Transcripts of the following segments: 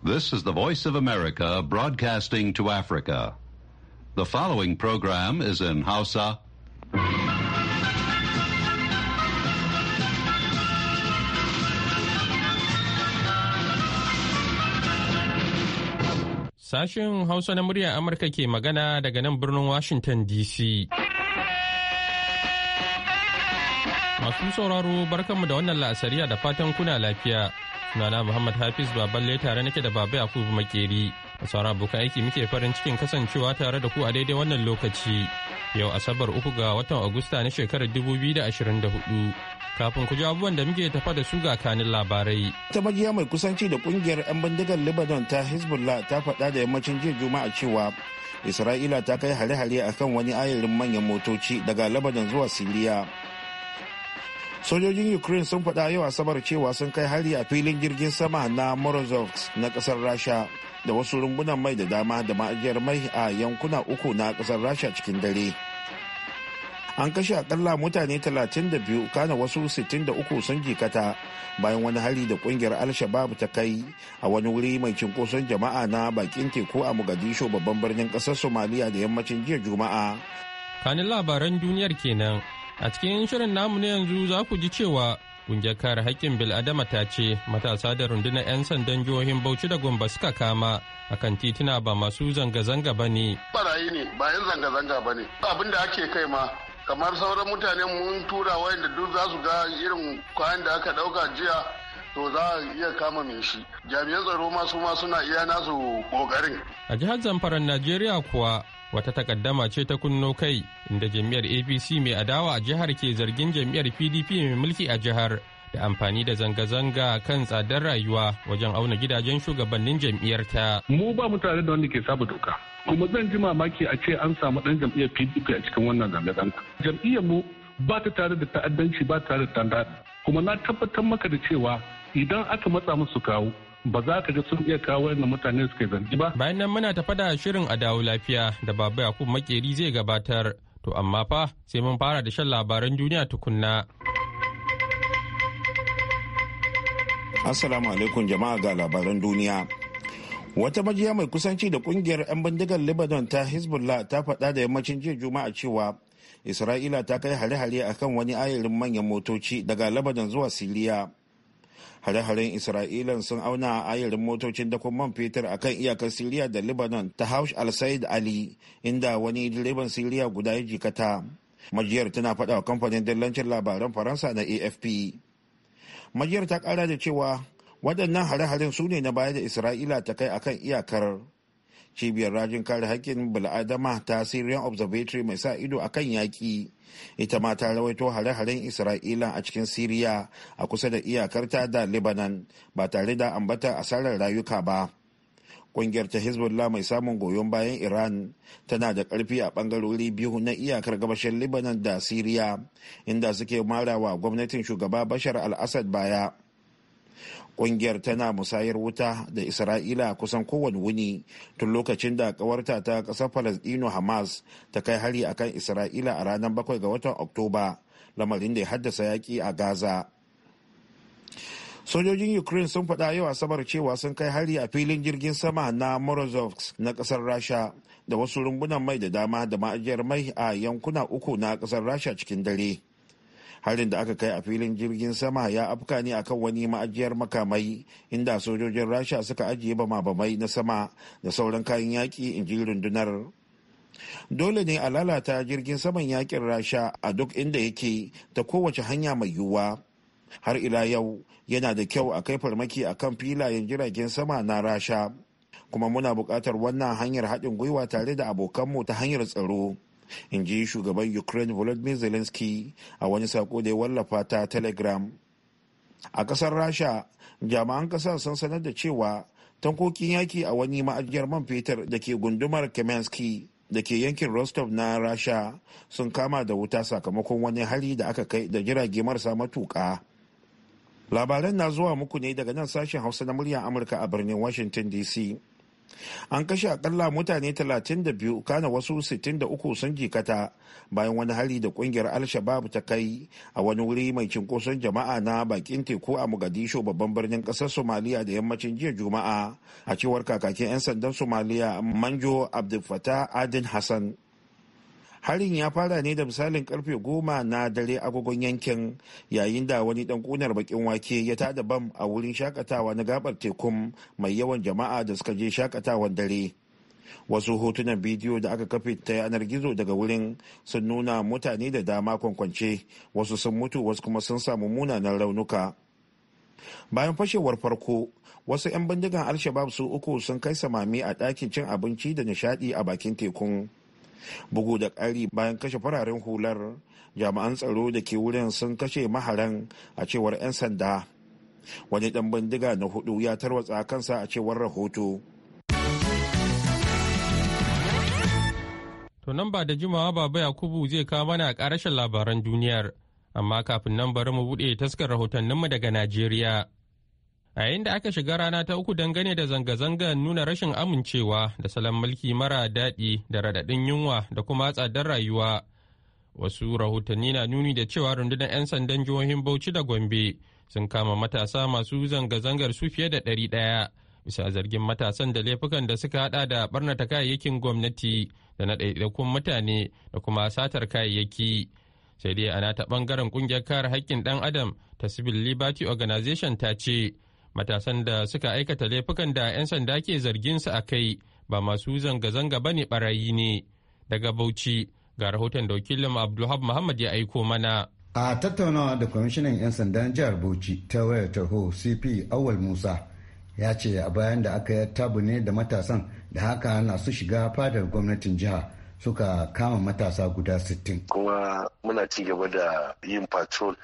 This is the Voice of America broadcasting to Africa. The following program is in Hausa. Sashen Hausa na murya Amurka ke magana daga nan birnin Washington DC. Masu sauraro barkanmu da wannan la'asariya da fatan kuna lafiya. sunana Muhammad Hafiz Baballe tare nake da Baba Yakub Makeri. A sauran abokan aiki muke farin cikin kasancewa tare da ku a daidai wannan lokaci. Yau Asabar uku ga watan Agusta na shekarar 2024. Kafin ku ji abubuwan da muke tafa da su ga kanin labarai. Ta majiya mai kusanci da kungiyar 'yan bindigar Lebanon ta Hezbollah ta faɗa da yammacin jiya Juma'a cewa Isra'ila ta kai hare-hare akan wani ayarin manyan motoci daga Lebanon zuwa Siriya. sojojin ukraine sun faɗa yau asabar cewa sun kai hari a filin jirgin sama na morozov na ƙasar rasha da wasu rumbunan mai da dama da ma'ajiyar mai a yankuna uku na kasar rasha cikin dare an kashe akalla mutane 32 kana wasu 63 sun jikata bayan wani hari da kungiyar al-shabab ta kai a wani wuri mai cinkoson jama'a na bakin teku a mogadishu babban birnin kasar somaliya da yammacin jiya juma'a kanin labaran duniyar kenan A cikin shirin namu na yanzu za ku ji cewa kungiyar kare haƙƙin bil'adama ta ce matasa da rundunar 'yan sandan jihohin Bauchi da Gombe suka kama akan tituna ba masu zanga-zanga ba ne. Barayi ne ba 'yan zanga-zanga ba ne abin da ake kai ma kamar sauran mutane mun tura wayanda duk za su ga irin kwayan da aka ɗauka jiya to za a iya kama mai shi jami'an tsaro masu ma suna iya nasu ƙoƙarin. A jihar Zamfara Najeriya kuwa wata takaddama ce ta kunno kai inda jam'iyyar apc mai adawa a jihar ke zargin jam'iyyar pdp mai mulki a jihar da amfani da zanga-zanga kan tsadar rayuwa wajen auna gidajen shugabannin jam'iyyar ta. mu ba mutane da wanda ke saba doka kuma zan ji mamaki a ce an samu dan jam'iyyar pdp a cikin wannan zanga-zanga jam'iyyar mu ba ta tare da ta'addanci ba tare da tanda kuma na tabbatar maka da cewa idan aka matsa musu kawo ba za ka ga sun iya kawo yadda mutane suka zargi ba. Bayan nan muna tafa da shirin a dawo lafiya da Baba Yakub Makeri zai gabatar. To amma fa sai mun fara da shan labaran duniya tukunna. Assalamu alaikum jama'a ga labaran duniya. Wata majiya mai kusanci da kungiyar 'yan bindigar Lebanon ta Hezbollah ta faɗa da yammacin jiya Juma'a cewa Isra'ila ta kai hare-hare akan wani ayarin manyan motoci daga Lebanon zuwa Siriya. hare-haren isra'ila sun auna a ayarin motocin dakon man fetur a kan iyakar siriya da lebanon ta haush al-said ali inda wani direban siriya guda ya jikata majiyar tana faɗa wa kamfanin dillancin labaran faransa na afp majiyar ta ƙara da cewa waɗannan hare-haren su ne na baya da isra'ila ta kai akan iyakar cibiyar rajin kare haƙƙin bil'adama ta syrian observatory mai sa ido akan yaƙi ita ma ta rawaito hare-haren isra'ila a cikin syria a kusa da iyakarta da lebanon ba tare da ambata asarar rayuka ba kungiyar ta hezbollah mai samun goyon bayan iran tana da karfi a bangarori biyu na iyakar gabashin lebanon da syria inda suke marawa gwamnatin shugaba bashar al-assad baya kungiyar tana musayar wuta da Isra'ila kusan kowane wuni tun lokacin da kawarta ta ƙasar Falasɗinu Hamas ta kai hari a kan Isra'ila a ranar 7 ga watan Oktoba, lamarin da ya haddasa yaƙi a Gaza. sojojin ukraine sun faɗa yau asabar cewa sun kai hari a filin jirgin sama na morozov na kasar rasha da wasu rumbunan mai da dama da ma'ajiyar mai a yankuna uku na kasar rasha cikin dare harin da aka kai a filin jirgin sama ya afka ne akan wani ma'ajiyar makamai inda sojojin rasha suka ajiye bama-bamai na sama da sauran kayan yaƙi in ji rundunar dole ne a lalata jirgin saman yakin rasha a duk inda yake ta kowace hanya mai yiwuwa har ila yau yana da kyau a kai farmaki a kan filayen jiragen sama na rasha kuma muna buƙatar wannan hanyar haɗin gwiwa tare da abokanmu ta hanyar tsaro in ji shugaban ukraine volodymyr zelensky a wani sako da ya wallafa ta telegram a kasar rasha jami'an kasar sun sanar da cewa tankokin yaki a wani ma'ajiyar man fetur da ke gundumar kemensky da ke yankin rostov na rasha sun kama da wuta sakamakon wani hali da aka kai da jirage marasa matuka labaran na zuwa muku ne daga nan sashen hausa na muryar amurka a birnin washington dc an kashe akalla mutane 32 kana wasu 63 sun jikata bayan wani hari da kungiyar al-shabab ta kai a wani wuri mai cinkoson jama'a na bakin teku a mogadishu babban birnin kasar somaliya da yammacin jiya juma'a a cewar kakakin 'yan sandan somaliya manjo abdulfatah adin hassan harin ya fara ne da misalin karfe goma na dare agogon yankin yayin da wani dan kunar bakin wake ya tada bam a wurin shakatawa na gabar tekun mai yawan jama'a da suka je shakatawan dare wasu hotunan bidiyo da aka kafe ta yanar gizo daga wurin sun nuna mutane da dama kwankwance wasu sun mutu wasu kuma sun samu munanan raunuka bayan fashewar farko wasu 'yan bindigan al su uku sun kai samami a ɗakin cin abinci da nishaɗi a bakin tekun bugu da ƙari bayan kashe fararen hular jami'an tsaro da ke wurin sun kashe maharan a cewar 'yan sanda wani ɗan bindiga na hudu ya tarwatsa kansa a cewar rahoto to nan ba da jimawa baba yakubu zai kawo mana a ƙarashin labaran duniyar amma kafin nan bari mu buɗe taskar rahotanninmu daga najeriya a yayin da aka shiga rana ta uku dangane da zanga-zangar nuna rashin amincewa da salon mulki mara daɗi da raɗaɗin yunwa da kuma tsadar rayuwa wasu rahotanni na nuni da cewa rundunar 'yan sandan jihohin bauchi da gombe sun kama matasa masu zanga-zangar su fiye da ɗari ɗaya bisa zargin matasan da laifukan da suka haɗa da barnata kayayyakin gwamnati da na ɗaiɗaikun mutane da kuma satar kayayyaki sai dai ana ta ɓangaren ƙungiyar kare haƙƙin ɗan adam ta civil liberty organization ta ce matasan da suka aikata laifukan da 'yan sanda ke zargin su a kai ba masu zanga-zanga ba ne barayi ne daga bauchi ga rahoton da wakilin abdulhab muhammad ya aiko mana a tattaunawa da kwamishinan 'yan sandan jihar bauchi ta wayar tarho cp awal musa ya ce a bayan da aka tabu ne da matasan da haka na su shiga fadar gwamnatin jiha suka kama matasa guda 60 kuma muna ci gaba da yin patrol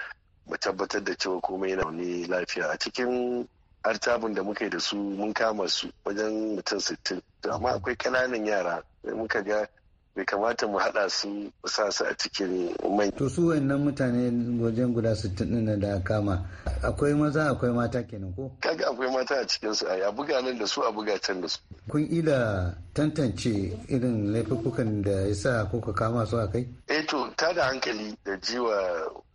mu tabbatar da cewa komai na wani lafiya a cikin artabun da muke da su mun kama su wajen mutum sittin amma akwai ƙananan yara da muka ga bai kamata mu haɗa su sa su a cikin mai. To su wayannan mutane wajen guda sittin din da kama akwai maza akwai mata kenan ko? Kaga akwai mata a cikin su a buga nan da su a buga can da su. Kun ila tantance irin laifukan da ya sa kuka kama su a kai? Eh to ta da hankali da jiwa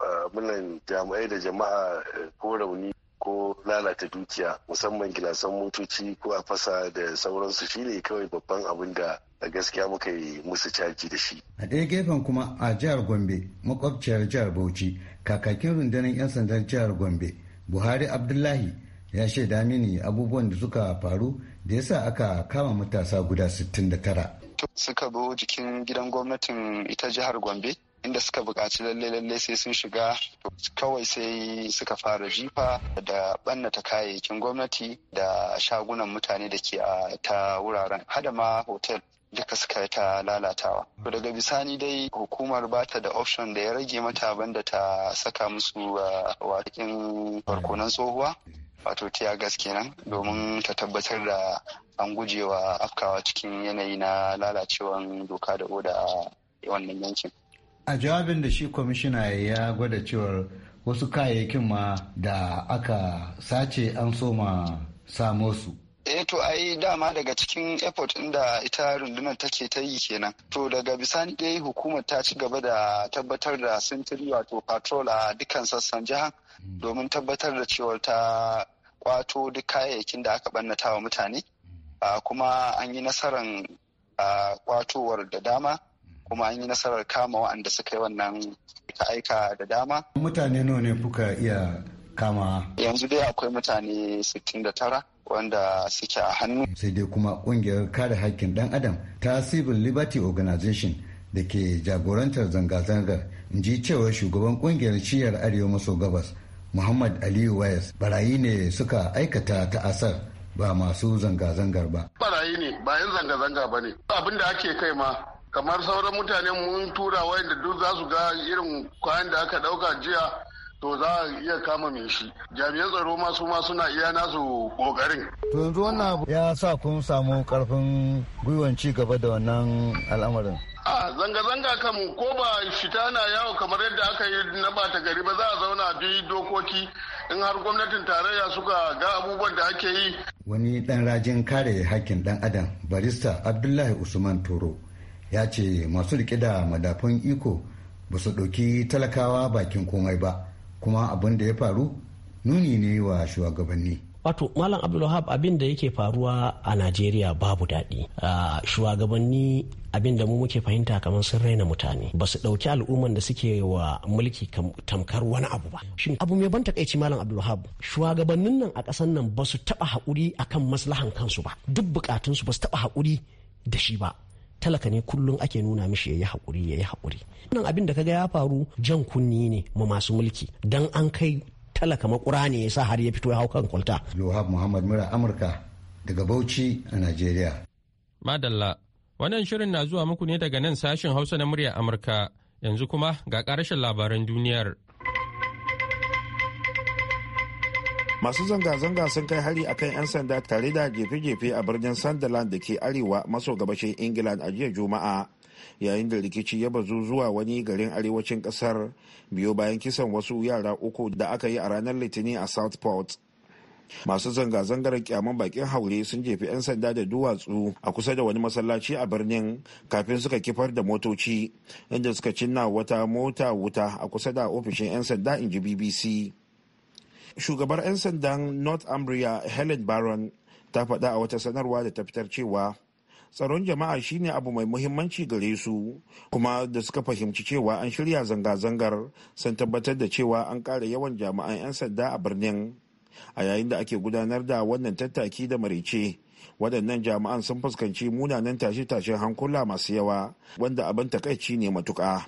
ah, munan jami'ai da jama'a eh, ko rauni ko lalata dukiya musamman gilasan motoci ko a fasa da sauransu shine kawai babban abin da a gaskiya muka yi musu caji da shi. A ɗaya gefen kuma a jihar Gombe makwabciyar jihar Bauchi kakakin rundunar 'yan sandan jihar Gombe Buhari Abdullahi ya shaida mini abubuwan da suka faru da yasa aka kama matasa guda 69. Suka zo jikin gidan gwamnatin ita jihar Gombe inda suka buƙaci lalle lalle sai sun shiga kawai sai suka fara jifa da ɓannata kayayyakin gwamnati da shagunan mutane da ke a ta wuraren hada ma hotel duka suka yi ta lalatawa. To daga bisani dai hukumar ba ta da option da ya rage mata banda ta saka musu uh, wakin barkonan tsohuwa wato tiya gaske nan, domin ta tabbatar da an gujewa afkawa cikin yanayi na lalacewan doka da oda a wannan yankin. a jawabin da shi kwamishina ya gwada cewar wasu kayayyakin ma da aka sace an soma samo su eh to ai dama daga cikin airport inda ita rundunar take ta yi kenan to daga bisani dai hukumar ta ci gaba da tabbatar da sintiri wato patrol a dukkan sassan jiha domin tabbatar da cewar ta kwato duk kayayyakin da aka bannata wa mutane ah, kuma an yi nasarar ah, kwatowar da dama kuma an yi nasarar kama waɗanda suka yi wannan aika da dama. Mutane nawa ne kuka iya kama? Yanzu dai akwai mutane 69 wanda suke a hannu. Sai dai kuma ƙungiyar kare haƙƙin ɗan adam ta Civil Liberty Organization da ke jagorantar zanga-zangar in ji cewa shugaban ƙungiyar ciyar arewa maso gabas Muhammad Aliyu Wayes barayi ne suka aikata ta'asar ba masu zanga-zangar ba. Barayi ne bayan zanga-zanga ba ne. Abin da ake kai ma kamar sauran mutane mun tura wayanda duk za su ga irin kwayan da aka dauka jiya to za a iya kama mai shi jami'an tsaro masu ma suna iya nasu kokarin to yanzu wannan abu ya sa kun samu karfin gwiwan ci gaba da wannan al'amarin a zanga-zanga kan ko ba fita na yawo kamar yadda aka yi na bata gari ba za a zauna bi dokoki in har gwamnatin tarayya suka ga abubuwan da ake yi wani dan rajin kare hakkin dan adam barista abdullahi usman toro ya ce masu rike da madafun iko ba su ɗauki talakawa bakin komai ba kuma abin da ya faru nuni ne wa shugabanni wato malam abdulwahab abin da yake faruwa a najeriya babu daɗi shugabanni abin da mu muke fahimta kamar sun raina mutane ba su ɗauki al'umman da suke wa mulki tamkar wani abu ba shin abu mai ban takaici malam abdulwahab shugabannin nan a ƙasar nan ba su taɓa haƙuri akan maslahan kansu ba duk buƙatunsu ba su taɓa haƙuri da shi ba talaka ne kullum ake nuna mishi ya yi haƙuri ya yi haƙuri wannan abin da kaga ya faru jan kunni ne ma masu mulki dan an kai talaka makura ne ya sa har ya fito ya hau kan kwalta yohab muhammad mura amurka daga bauchi a najeriya madalla wannan shirin na zuwa muku ne daga nan sashin hausa na murya amurka yanzu kuma ga karashin labaran duniyar masu zanga-zanga sun kai hari akan 'yan sanda tare da jefe-jefe a birnin sunderland da ke arewa maso gabashin england a jiya juma'a yayin da rikici ya bazu zuwa wani garin arewacin kasar biyo bayan kisan wasu yara uku da aka yi a ranar litinin a southport masu zanga-zangar kyaman bakin haure sun jefi 'yan sanda da duwatsu a kusa da wani masallaci a birnin kafin suka kifar da motoci inda suka cinna wata mota wuta a kusa da ofishin 'yan sanda in ji bbc shugabar 'yan sandan northumbria helen baron ta faɗa a wata sanarwa da ta fitar cewa tsaron jama'a shine abu mai muhimmanci gare su kuma da suka fahimci cewa an shirya zanga-zangar sun tabbatar da cewa an ƙara yawan jama'an 'yan sanda a birnin a yayin da ake gudanar da wannan tattaki da marice waɗannan jama'an sun fuskanci munanan tashe-tashen hankula masu yawa wanda abin takaici ne matuƙa.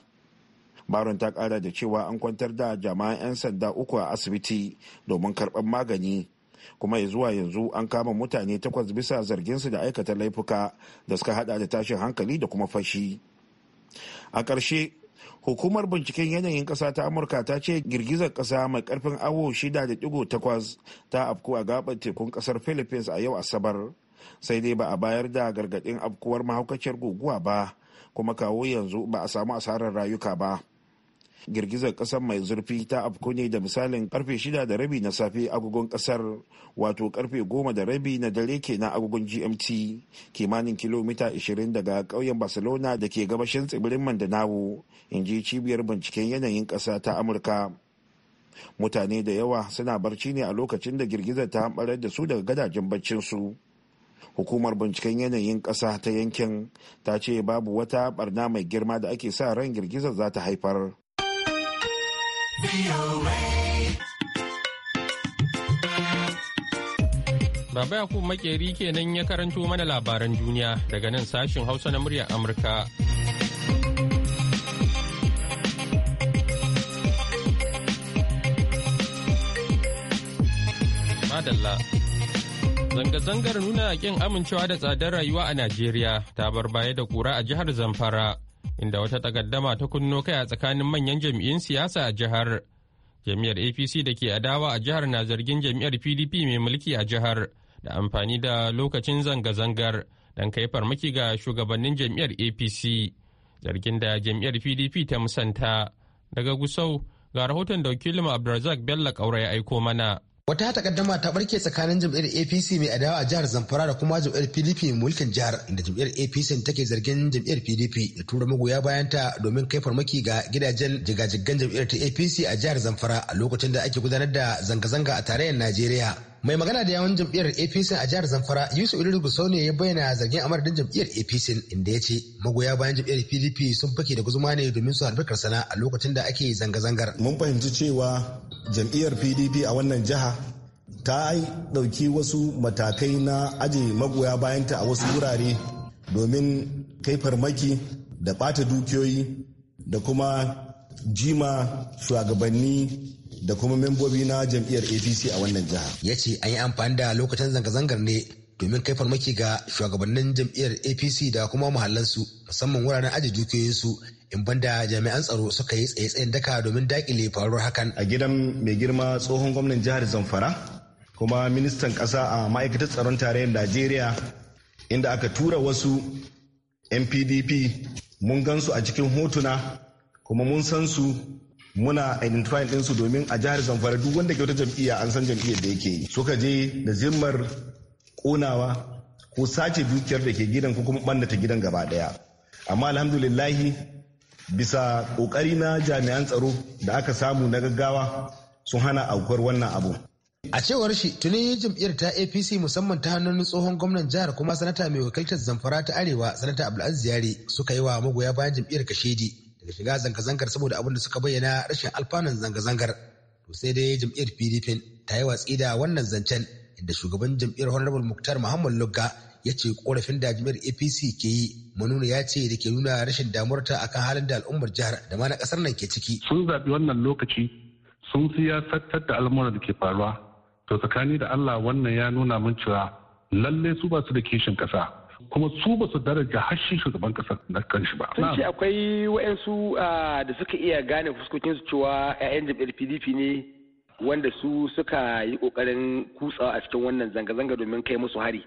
baron ta kara da cewa an kwantar da jama'an 'yan sanda uku a asibiti domin karɓar magani kuma ya zuwa yanzu an kama mutane takwas bisa zarginsu da aikata laifuka da suka hada da tashin hankali da kuma fashi a ƙarshe hukumar binciken yanayin ƙasa ta amurka ta ce girgizar ƙasa mai ƙarfin awo shida da 6.8 ta afku a gabar tekun ƙasar philippines a yau asabar sai dai ba a bayar da gargaɗin afkuwar mahaukaciyar guguwa ba kuma kawo yanzu ba a samu asarar rayuka ba girgizar kasar mai zurfi ta afko ne da misalin karfe shida da rabi na safe agogon kasar wato karfe goma da rabi na dare na agogon gmt kimanin kilomita 20 daga ƙauyen barcelona da ke gabashin tsibirin mandanawo in ji cibiyar binciken yanayin ƙasa ta amurka mutane da yawa suna barci ne a lokacin da girgizar ta hamɓarar da su daga gadajen baccinsu hukumar binciken yanayin ƙasa ta yankin ta ce babu wata barna mai girma da ake sa ran girgizar za ta haifar Baba Yakubu Makeri kenan ya karanto mana labaran duniya daga nan sashin Hausa na muryar Amurka. Madalla. Zanga-zangar nuna ƙin amincewa da tsadar rayuwa a Najeriya ta bar baya da kura a jihar Zamfara. inda wata takaddama ta kunno kai a tsakanin manyan jam'iyyun siyasa a jihar. Jami'ar APC da ke adawa a jihar na zargin jami'ar PDP mai mulki a jihar da amfani da lokacin zanga-zangar don kai farmaki ga shugabannin jami'ar APC. Zargin da jami'ar PDP ta musanta daga Gusau ga rahoton da wakilin Abdulrazak Bello Kaura ya aiko mana. Wata takaddama ta barke tsakanin jam'iyyar APC mai adawa a jihar Zamfara da kuma jam'iyyar PDP mai mulkin jihar inda jam'iyyar APC take zargin jam'iyyar PDP da tura magoya bayanta domin kai farmaki ga gidajen jigajigan jam'iyyar ta APC a jihar Zamfara a lokacin da ake gudanar da zanga-zanga a tarayyar Najeriya. mai magana da yawan jam'iyyar apc a jihar zamfara yusuf iliru gusau ne ya bayyana zargin amardin jam'iyyar apc inda ya ce magoya bayan jam'iyyar pdp sun faki da guzuma ne domin su harbi karsana a lokacin da ake zanga-zangar mun fahimci cewa jam'iyyar pdp a wannan jiha ta ɗauki wasu matakai na aje magoya bayanta a wasu wurare domin kai farmaki da ɓata dukiyoyi da kuma jima shugabanni da kuma membobi na jam'iyyar apc a wannan jiha ya ce an yi amfani da lokacin zanga-zangar ne domin kai farmaki ga shugabannin jam'iyyar apc da kuma muhallansu musamman wuraren aji dukiyoyinsu in banda jami'an tsaro suka yi tsaye-tsayen daka domin dakile faruwar hakan a gidan mai girma tsohon gwamnan jihar zamfara kuma ministan kasa a ma'aikatar tsaron tarayyar najeriya inda aka tura wasu npdp mun gansu a cikin hotuna kuma mun san su muna identifying ɗinsu domin a jihar zamfara duk wanda ke wata jam'iyya an san jam'iyyar da yake yi suka je da zimmar ƙonawa ko sace dukiyar da ke gidan ko kuma ɓannata gidan gaba ɗaya amma alhamdulillahi bisa ƙoƙari na jami'an tsaro da aka samu na gaggawa sun hana aukuwar wannan abu A cewar shi tuni jam'iyyar ta APC musamman ta hannun tsohon gwamnan jihar kuma sanata mai wakiltar zamfara ta arewa sanata Abdulaziz yare suka yi wa magoya bayan jam'iyyar kashedi daga shiga zanga-zangar saboda abin da suka bayyana rashin alfanun zanga-zangar to sai dai jam'iyyar pdp ta yi watsi da wannan zancen inda shugaban jam'iyyar honorable muktar muhammad lugga ya ce korafin da jam'iyyar apc ke yi manuna ya ce da ke nuna rashin damuwarta akan halin da al'ummar jihar da ma na kasar nan ke ciki sun zaɓi wannan lokaci sun sattar da al'amura da ke faruwa to tsakani da allah wannan ya nuna min cewa lalle su ba su da kishin ƙasa. kuma su ba su daraja harshen shugaban kasar na kanshi ba. Sun ce akwai wa'yansu ah, da suka iya gane fuskokinsu cewa 'ya'yan jam'iyyar PDP ne wanda su suka yi kokarin kutsawa a cikin wannan zanga-zanga domin kai musu hari.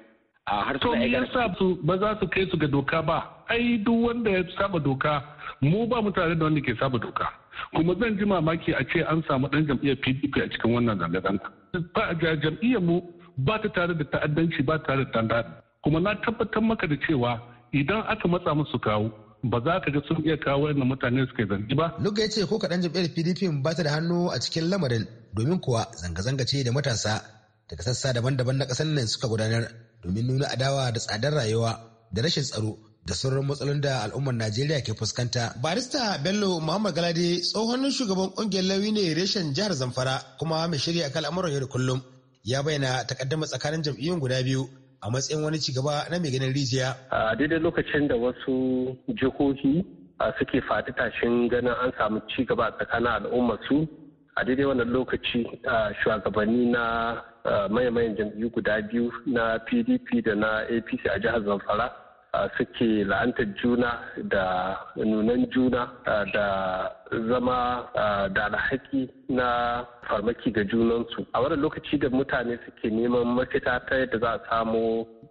a har to me yasa su ba za su kai su ga doka ba ai duk wanda ya saba doka mu ba mu tare da wanda ke saba doka kuma zan ji mamaki a ce an samu dan jam'iyyar PDP a cikin wannan zanga-zanga ba jam'iyyar mu ba ta tare da ta'addanci ba tare da tandaɗi kuma na tabbatar maka da cewa idan aka matsa musu kawo ba za ka ga sun iya kawo yadda mutane suka zargi ba. Luga ya ce ko kaɗan jam'iyyar PDP ba ta da hannu a cikin lamarin domin kuwa zanga-zanga ce da matasa daga sassa daban-daban na ƙasar nan suka gudanar domin nuna adawa da tsadar rayuwa da rashin tsaro da sauran matsalolin da al'ummar Najeriya ke fuskanta. Barista Bello Muhammad Galade tsohon shugaban kungiyar lauyi ne reshen jihar Zamfara kuma mai shirya kan al'amuran yau da kullum ya bayyana takaddama tsakanin jam'iyyun guda biyu a matsayin wani cigaba na mai ganin rijiya. A daidai lokacin da wasu jihohi suke faɗi tashin ganin an samu cigaba a tsakanin al'ummar su a daidai wannan lokaci shugabanni na mayan jam'iyyu guda biyu na PDP da na APC a jihar Zamfara. suke la'antar juna da nunan juna da zama da alhaki na farmaki ga junansu a wannan lokaci da mutane suke neman mafita ta yadda za a samo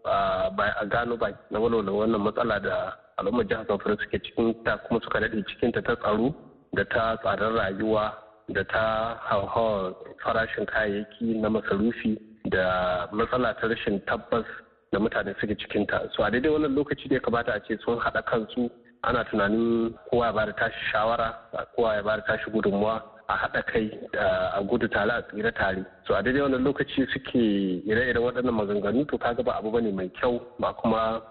a gano ba na walwala wannan matsala da al'ummar jihar zamfara suke cikin ta kuma suka daɗe cikin ta ta tsaro da ta tsadar rayuwa da ta hauhawar farashin kayayyaki na masarufi da matsala ta rashin tabbas da mutane suke cikinta so a daidai wannan lokaci da ya kamata a ce sun haɗa kansu ana tunanin kowa ya bada tashi shawara kowa ya bada tashi gudunmuwa a haɗa kai a gudu tare a tsira tare so a daidai wannan lokaci suke ire-iren waɗannan maganganu to ka ba abu bane mai kyau ba kuma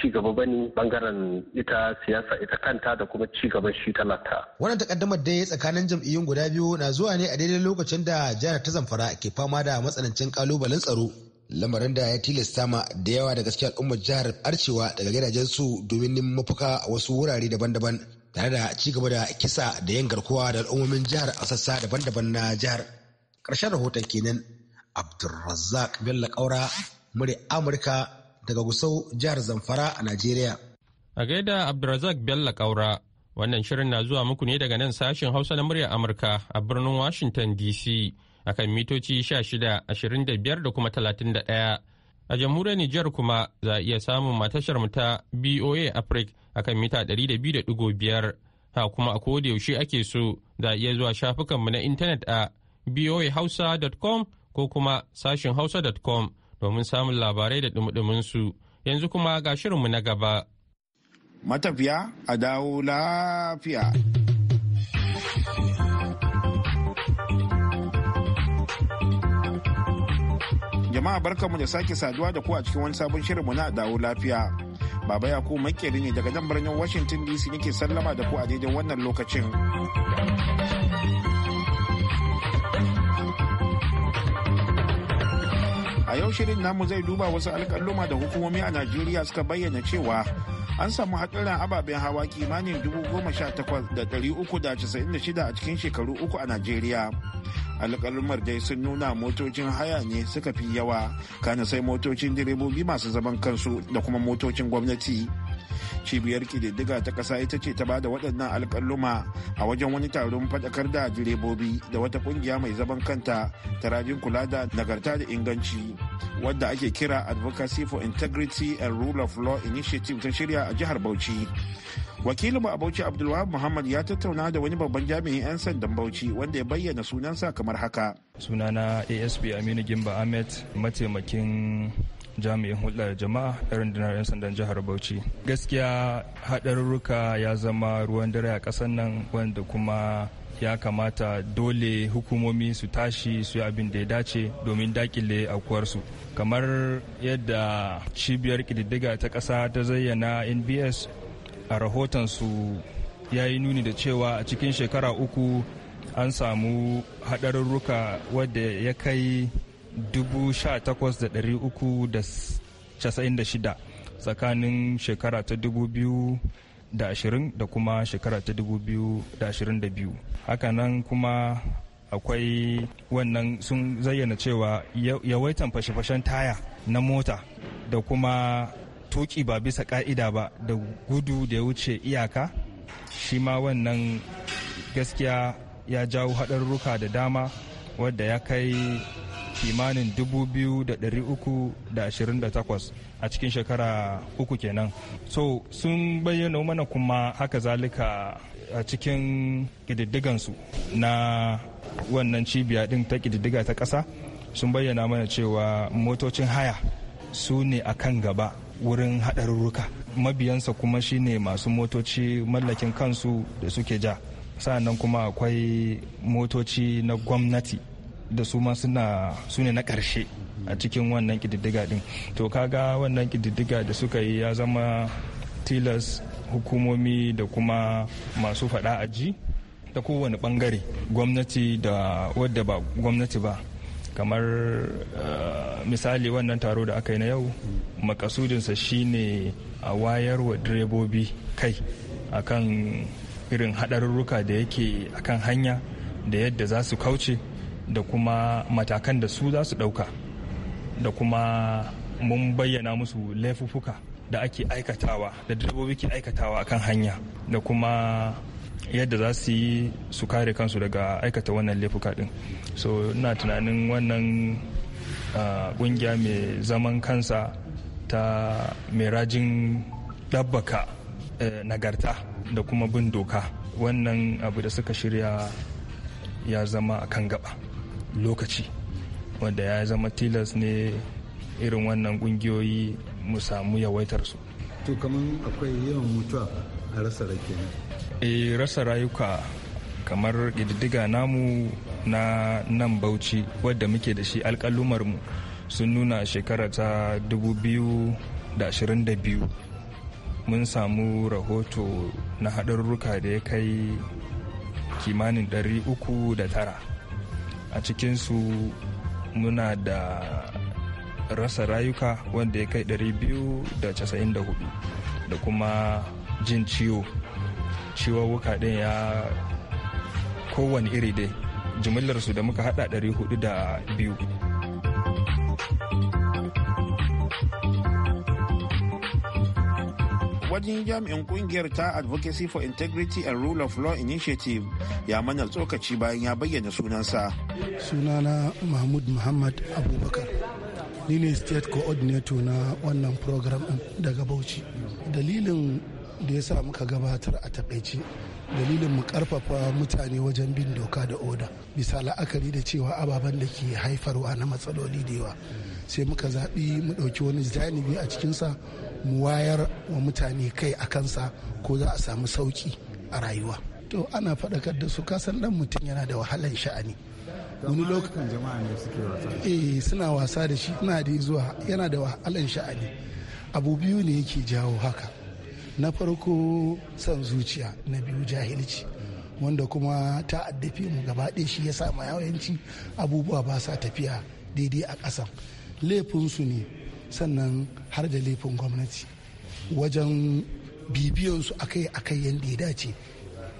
ci gaba bane bangaren ita siyasa ita kanta da kuma ci gaba shi talata. Wannan takaddamar dai tsakanin jam'iyyun guda biyu na zuwa ne a daidai lokacin da jihar ta Zamfara ke fama da matsanancin kalubalen tsaro lamarin da ya tilasta ma da yawa da gaske al'ummar jihar arcewa daga gidajen su domin neman mafuka a wasu wurare daban-daban tare da ci gaba da kisa da yin garkuwa da al'ummomin jihar a sassa daban-daban na jihar ƙarshen rahoton kenan abdulrazak bello kaura murya amurka daga gusau jihar zamfara a najeriya a gaida abdulrazak bello kaura wannan shirin na zuwa muku ne daga nan sashen hausa na murya amurka a birnin washington dc akan mitoci 16, 25 da kuma 31. A jamhuriyar Nijar kuma za a iya samun matashar mu ta BOA Africa kan mita 200.5. Ha kuma a koda yaushe ake so za a iya zuwa shafukanmu na intanet a boahausa.com ko kuma sashin hausa.com domin samun labarai da dumudumin su. Yanzu kuma ga shirinmu na gaba. Matafiya a dawo lafiya. Jama'a barkanmu da sake saduwa da ku a cikin wani sabon mu na dawo lafiya. Baba ya ku makeri ne daga nan birnin Washington DC nake sallama da ku a daidai wannan lokacin. A yau shirin namu zai duba wasu alƙalluma da hukumomi a Najeriya suka bayyana cewa an samu hadarin ababen hawa kimanin da 18,396 a cikin shekaru uku a Najeriya. alƙalumar dai sun nuna motocin haya ne suka fi yawa kana sai motocin direbobi masu zaman kansu da kuma motocin gwamnati cibiyar kididdiga ta ƙasa ita ce ta bada waɗannan alƙaluma a wajen wani taron faɗakar da direbobi da wata ƙungiya mai zaman kanta ta rajin kula da nagarta da inganci wadda ake kira advocacy for integrity and rule of law initiative ta shirya a jihar bauchi wakilin a bauchi abdulwahab muhammad ya tattauna da wani babban jami'in 'yan sandan bauchi wanda ya bayyana sunansa kamar haka sunana asb aminu gimba ahmed mataimakin jami'in hulɗar jama'a da rundunar 'yan sandan jihar bauchi gaskiya haɗarurruka ya zama ruwan dare a ƙasar nan wanda kuma ya kamata dole hukumomi su tashi su yi abin da ya dace domin dakile aukuwarsu kamar yadda cibiyar ƙididdiga ta ƙasa ta zayyana nbs a rahotonsu ya yi nuni da cewa a cikin shekara uku an samu hadarurruka wadda ya kai 18,396 tsakanin shekara ta 2020 da kuma shekara ta 2022 hakanan kuma akwai wannan sun zayyana cewa yawaitan fashe-fashen taya na mota da kuma tuki ba bisa ka'ida ba da gudu da ya wuce iyaka shi ma wannan gaskiya ya jawo haɗarruka da dama wadda ya kai kimanin 2,328 a cikin shekara uku kenan so sun bayyana mana kuma haka zalika a cikin ƙididdigansu na wannan cibiya ɗin ta ƙididdiga ta ƙasa sun bayyana mana cewa motocin haya su ne a kan gaba wurin haɗarurruka mabiyansa kuma shine masu motoci mallakin kansu da suke ja sa'annan kuma akwai motoci na gwamnati da su ma su ne na ƙarshe a cikin wannan kididdiga din. to kaga wannan kididdiga da suka yi ya zama tilas hukumomi da kuma masu faɗa a ji ta kowane ɓangare gwamnati da wadda ba gwamnati ba kamar eh, misali wannan taro da aka yi na yau makasudinsa shine a wayar wa direbobi kai akan irin haɗarurruka da yake akan hanya da yadda za su kauce da kuma matakan da su za su ɗauka da kuma mun bayyana musu laifuffuka da ake aikatawa da direbobi ke aikatawa akan hanya da kuma yadda za su yi su kare kansu daga aikata wannan laifuka din so ina tunanin wannan kungiya mai zaman kansa ta mai rajin ɗabbaka e, nagarta da kuma bin doka wannan abu da suka shirya ya zama a kan gaba lokaci wanda ya zama tilas ne irin wannan kungiyoyi mu samu yawaitar su to kamar akwai yawan mutuwa a rasa rake e eh, rasa rayuka kamar ƙididdiga namu na nan bauchi wadda muke da shi alƙalumarmu sun nuna shekara ta 2022 mun samu rahoto na ruka da ya kai kimanin 309 a cikinsu muna da rasa rayuka wanda ya kai 294 da kuma jin ciwo ciwon wuka ɗin ya kowane iri dai jimillar su da muka hada biyu. wajen jami'in kungiyar ta advocacy for integrity and rule of law initiative ya mana tsokaci bayan ya bayyana sunansa sunana mahmud muhammad abubakar ni ne state coordinator na wannan program daga bauchi dalilin da ya sa muka gabatar a takaice dalilin mu karfafa mutane wajen bin doka da oda bisa la'akari da cewa ababen da ke haifarwa na matsaloli da yawa sai muka zaɓi mu ɗauki wani zanibi a cikinsa mu wayar wa mutane kai a kansa ko za a samu sauki a rayuwa to ana faɗakar da su kasan ɗan mutum yana da wahalan sha'ani wani lokacin jama'a ne suke wasa eh suna wasa da shi suna da zuwa yana da wahalan sha'ani abu biyu ne yake jawo haka na farko san zuciya na biyu jahilci wanda kuma ta addafi mu gaba ɗaya shi ya sa ma yawanci abubuwa ba sa tafiya daidai a ƙasan laifinsu ne sannan har da laifin gwamnati wajen bibiyansu akai akai yadda ya dace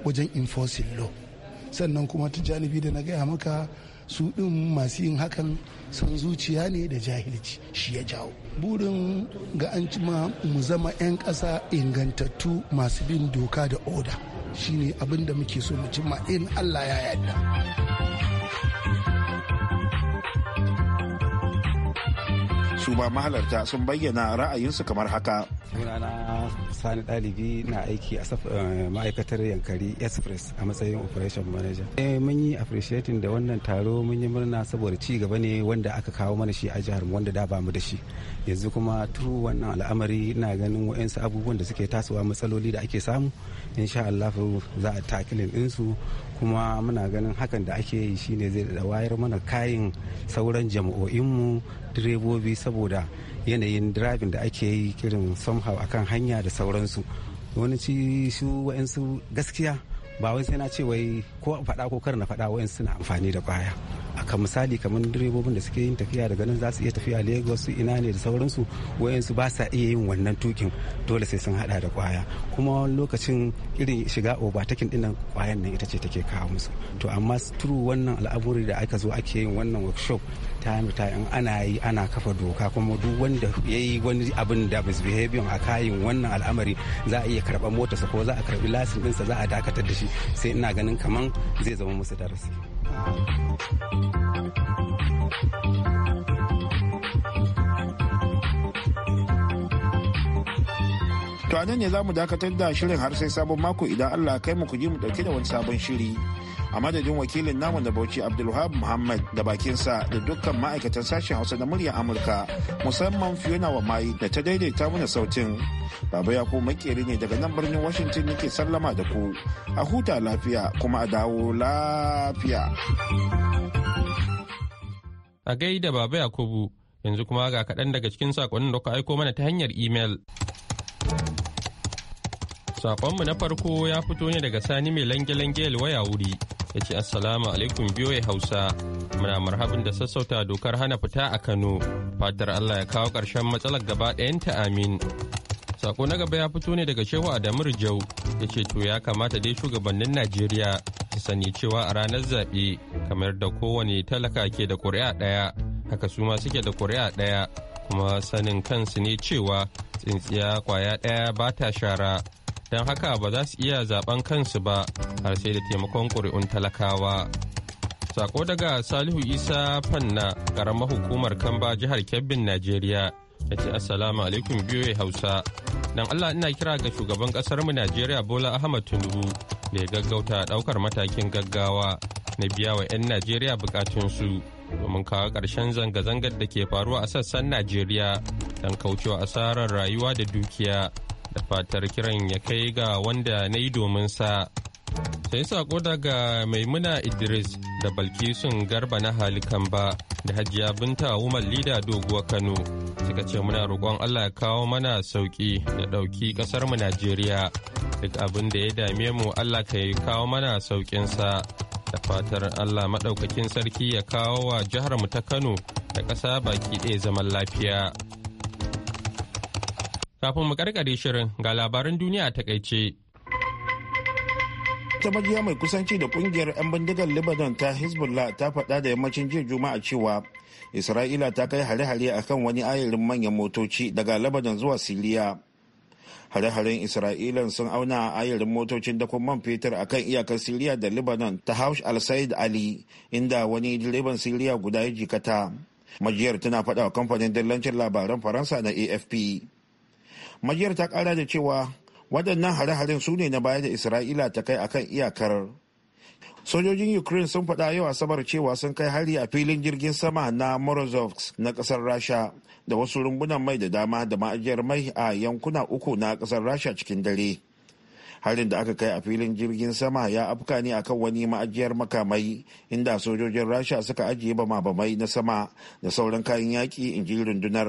wajen enforcing law sannan kuma ta janibi da na gaya maka su ɗin masu yin hakan son zuciya ne da jahilci shi ya jawo burin ga an cima mu zama 'yan ƙasa ingantattu masu bin doka da oda shine abin da muke so mu cimma in allah ya yarda su ba mahalarta sun bayyana ra'ayinsu kamar haka sunana sani dalibi na aiki a eh, ma'aikatar yankari express a matsayin operation manager eh, mun yi appreciating da wannan taro mun yi murna saboda ci gaba ne wanda aka kawo mana shi a jihar wanda da ba mu da shi yanzu kuma turu wannan al'amari na ganin wa'ansu abubuwan da suke tasowa matsaloli da ake samu insha Allah za a takilin ɗinsu kuma muna ganin hakan da ake yi shine zai da wayar mana kayan sauran jama'o'inmu direbobi saboda yanayin driving da ake yi irin somehow akan hanya da sauransu wani ci su wa'insu gaskiya ba wai sai na ce wai ko faɗa ko kar na faɗa wa'in suna amfani da kwaya akan misali kamar direbobin da suke yin tafiya daga nan za su iya tafiya lagos su ina ne da sauransu wayansu ba sa iya yin wannan tukin dole sai sun haɗa da kwaya kuma lokacin irin shiga obatakin dinnan kwayan nan ita ce take kawo musu to amma turu wannan al'amuri da aka zo ake yin wannan workshop time time ana yi ana kafa doka kuma duk wanda ya yi wani abin da misbehavior a kayan wannan al'amari za a iya karɓar motarsa ko za a karɓi lasin ɗinsa za a dakatar da shi sai ina ganin kaman zai zama musu darasi. To anan ne za mu dakatar da shirin har sai sabon mako idan Allah kai mu kuji mu dauke da wani sabon shiri. A madadin wakilin namu da Bauchi Abdulwahab Muhammad da sa da dukkan ma'aikatan sashen Hausa da muryar Amurka musamman Fiona mai da ta daidaita mana sautin. Baba Yakubu makeri ne daga nan birnin Washington nake sallama da ku. A huta lafiya kuma a dawo lafiya. A gaida Baba Yakubu yanzu kuma ga kaɗan daga cikin saƙonnin da ku aiko mana ta hanyar imel. Sakonmu na farko ya fito ne daga sani mai lange-lange waya wuri ya ce assalamu alaikum ya hausa muna marhabin da sassauta dokar hana fita a Kano fatar Allah ya kawo ƙarshen matsalar gaba ɗayanta amin. Sako na gaba ya fito ne daga Shehu Adamu Rijau ya ce to ya kamata dai shugabannin Najeriya su sani cewa a ranar zaɓe kamar da kowane talaka ke da ƙuri'a ɗaya haka su ma suke da ƙuri'a ɗaya kuma sanin kansu ne cewa tsintsiya kwaya ɗaya ba ta shara don haka ba za su iya zaben kansu ba har sai da taimakon ƙuri'un talakawa sako daga salihu isa fanna ƙaramar hukumar kamba jihar kebbin najeriya da ce assalamu alaikum biyoyi hausa don allah ina kira ga shugaban ƙasarmu najeriya bola ahmad tinubu da ya gaggauta ɗaukar matakin gaggawa na biya wa 'yan najeriya su domin kawo ƙarshen zanga-zangar da ke faruwa a sassan najeriya don kaucewa asarar rayuwa da dukiya da fatar kiran ya kai ga wanda na yi domin sa. Sai sako daga Maimuna Idris da Balkisun Garba na ba da Hajiya Binta Umar Lida Doguwa Kano suka ce muna roƙon Allah ya kawo mana sauƙi da ɗauki ƙasarmu Najeriya. Duk abin da ya dame mu Allah ka yi kawo mana saukin sa Da fatar Allah maɗaukakin sarki ya kawo wa jihar mu ta Kano da ƙasa baki ɗaya zaman lafiya. Kafin mu karkare shirin ga labaran duniya ta takaice. ta majiya mai kusanci da kungiyar 'yan bindigar Lebanon ta Hezbollah ta faɗa da yammacin jiya Juma'a cewa Isra'ila ta kai hare-hare akan wani ayarin manyan motoci daga Lebanon zuwa Siriya. hare-haren isra'ila sun auna a ayarin motocin dakon man fetur akan iyakar siriya da lebanon ta haush al-said ali inda wani direban siriya guda ya jikata majiyar tana faɗa wa kamfanin dillancin labaran faransa na afp majiyar ta kara da cewa waɗannan hare-haren su ne na baya da isra'ila ta kai akan iyakar sojojin ukraine sun faɗa yau asabar cewa sun kai hari a filin jirgin sama na morozov na ƙasar rasha da wasu rumbunan mai da dama da ma'ajiyar mai a yankuna uku na ƙasar rasha cikin dare harin da aka kai a filin jirgin sama ya afka ne akan wani ma'ajiyar makamai inda sojojin rasha suka ajiye bama-bamai na sama da sauran kayan yaƙi in ji rundunar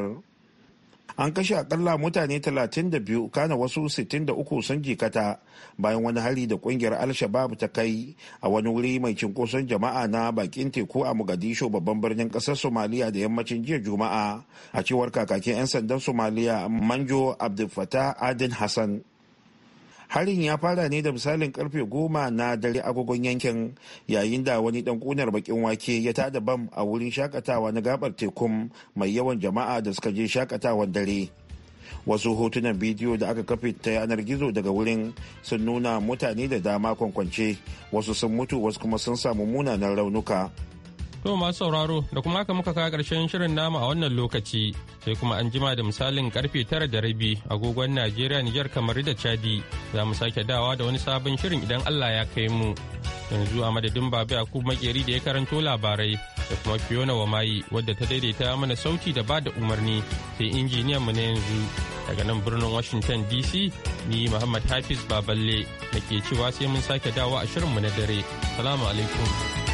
an kashe akalla mutane 32 kana wasu 63 sun jikata bayan wani hari da kungiyar al-shabab ta kai a wani wuri mai cinkoson jama'a na bakin teku a mogadishu babban birnin kasar somaliya da yammacin jiya juma'a a cewar kakakin 'yan sandan somaliya manjo abdulfatah adin hassan harin ya fara ne da misalin karfe goma na dare agogon yankin yayin da wani dan kunar bakin wake ya tada bam a wurin shakatawa na gabar tekun mai yawan jama'a da suka je shakatawan dare wasu hotunan bidiyo da aka kafe ta yanar gizo daga wurin sun nuna mutane da dama kwankwance wasu sun mutu wasu kuma sun samu munanan raunuka To masu sauraro da kuma haka muka kawo ƙarshen shirin namu a wannan lokaci sai kuma an jima da misalin karfe tara da rabi agogon Najeriya Nijar kamar da Chadi za mu sake dawa da wani sabon shirin idan Allah ya kai mu. Yanzu a madadin Babu Yakub Makeri da ya karanto labarai da kuma Fiona Wamayi wadda ta daidaita mana sauti da ba da umarni sai injiniyan mu na yanzu daga nan birnin Washington DC ni Muhammad Hafiz Baballe nake cewa sai mun sake dawa a shirin mu na dare. Salamu alaikum.